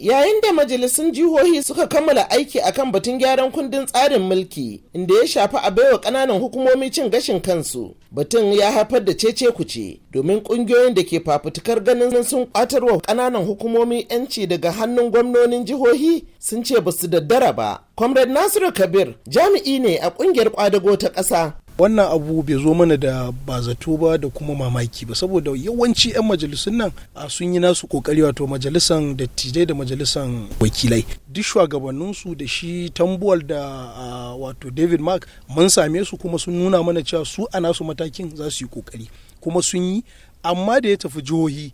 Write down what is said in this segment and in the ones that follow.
yayin da majalisun jihohi suka kammala aiki akan batun gyaran kundin tsarin mulki inda ya shafi a baiwa ƙananan hukumomi cin gashin kansu batun ya haifar da cece kuce domin ƙungiyoyin da ke fafutukar ganin sun kwatarwa ƙananan hukumomi yanci daga hannun gwamnonin jihohi sun ce basu daddara ba comrade nasiru kabir jami'i ne a ƙungiyar kwadago ta ƙasa wannan abu bai zo mana da ba zato ba da kuma mamaki ba saboda yawanci 'yan majalisun nan A sun yi nasu kokari wato majalisan dattijai da majalisan wakilai duk shugabanninsu da shi tambuwal da wato david mark mun same su kuma sun nuna mana cewa su a nasu matakin za su yi kokari kuma sun yi amma da ya tafi jihohi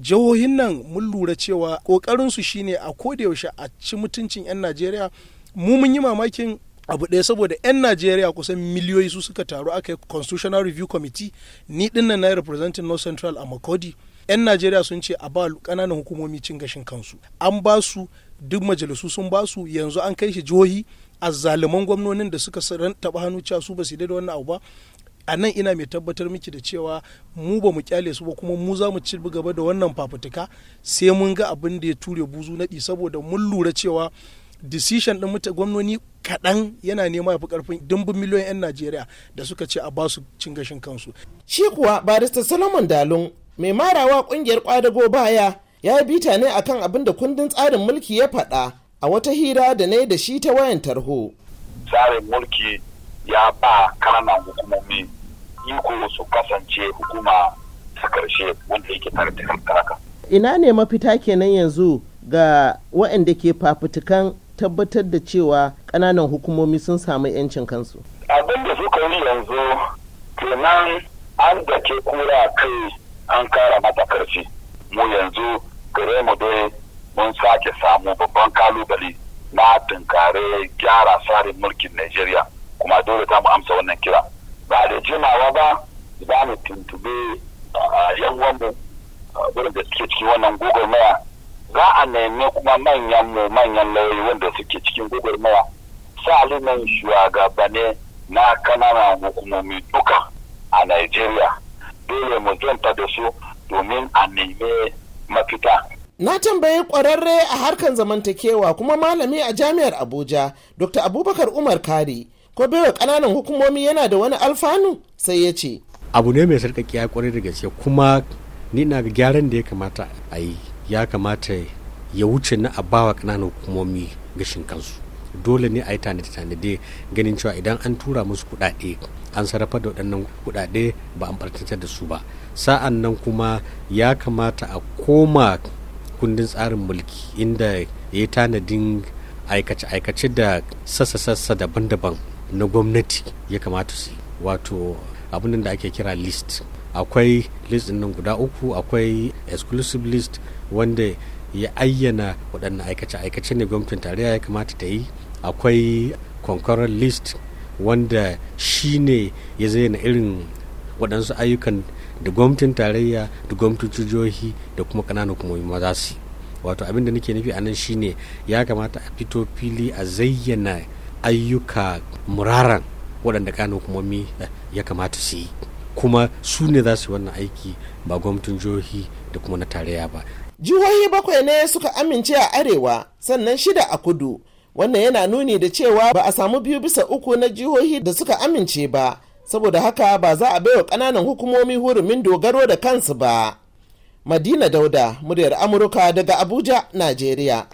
jihohin nan mun lura cewa kokarinsu shine a ko da yaushe a ci mutuncin 'yan najeriya mu mun yi mamakin abu ɗaya saboda 'yan najeriya kusan miliyoyi su suka taru aka yi constitutional review committee ni dinnan na representing north central a makodi 'yan najeriya sun ce a ba ƙananan hukumomi cin gashin kansu an ba su duk majalisu sun ba su yanzu an kai shi jihohi a zaliman gwamnonin da suka taɓa hannu cewa su ba su da wannan abu ba a nan ina mai tabbatar miki da cewa mu ba mu kyale su ba kuma mu za mu ci gaba da wannan fafutuka sai mun ga abin da ya ture buzu naɗi saboda mun lura cewa decision ɗin gwamnoni kaɗan yana nema ya fi ƙarfin dimbin miliyoyin 'yan najeriya da suka ce a basu cin gashin kansu shi kuwa barista solomon dalun mai marawa ƙungiyar kwadago baya ya yi bita ne akan abin da kundin tsarin mulki ya faɗa a wata hira da na da shi ta wayan tarho tsarin mulki ya ba kananan hukumomi iko su kasance hukuma ta karshe wanda yake tare da ina ne mafita kenan yanzu ga waɗanda ke fafutukan tabbatar da cewa ƙananan hukumomi sun samu 'yancin kansu abin da suka yi yanzu kenan an da ke kura kai an kara mata karfi mu yanzu gare mu dai mun sake samu babban kalubale na tunkare gyara tsarin mulkin Najeriya kuma dole ta mu amsa wannan kira ba da jimawa ba za mu tuntube yan wanda wurin da suke cikin wannan maya za a nemi kuma manyan mu manyan lauyi wanda suke cikin sa salimin shugabane na kananan hukumomi duka a Najeriya dole mu zanta da su domin a nemi mafita. Na tambayi kwararre a harkan zamantakewa kuma malami a jami'ar Abuja Dr. Abubakar Umar Kari ko baiwa kananan hukumomi yana da wani alfanu sai ya ce. Abu ne mai sarƙaƙiya kwarai da gaske kuma ni na ga gyaran da ya kamata a yi ya kamata ya wuce na a bawa kananan hukumomi gashin kansu dole ne a yi tanade-tanade ganin cewa idan an tura musu kuɗaɗe an sarrafa da waɗannan kuɗaɗe ba an ɓarkatar da su ba sa'an nan kuma ya kamata a koma kundin tsarin mulki inda ya yi tanadin aikace-aikace da sassa-sassa daban-daban na gwamnati ya kamata su wato abin da ake kira list akwai list nan guda uku akwai exclusive list wanda ya ayyana waɗannan aikace-aikace ne gwamnatin tarayya ya kamata ta yi akwai concurrent list wanda shine ya zayyana irin waɗansu ayyukan da gwamnatin tarayya da gwamnatin jihohi da kuma ƙananan hukumomi ma za su wato abin da nake nufi a nan shine ya kamata a fito fili a zayyana ayyuka muraran waɗanda kanin hukumomi eh, ya kamata su yi kuma su ne za su wannan aiki ba gwamnatin jihohi da kuma na tarayya ba jihohi bakwai ne suka amince a arewa sannan shida a kudu wannan yana nuni da cewa ba a samu biyu bisa uku na jihohi da suka amince ba saboda haka ba za a baiwa ƙananan hukumomi hurumin dogaro da kansu ba madina dauda muryar amurka daga abuja najeriya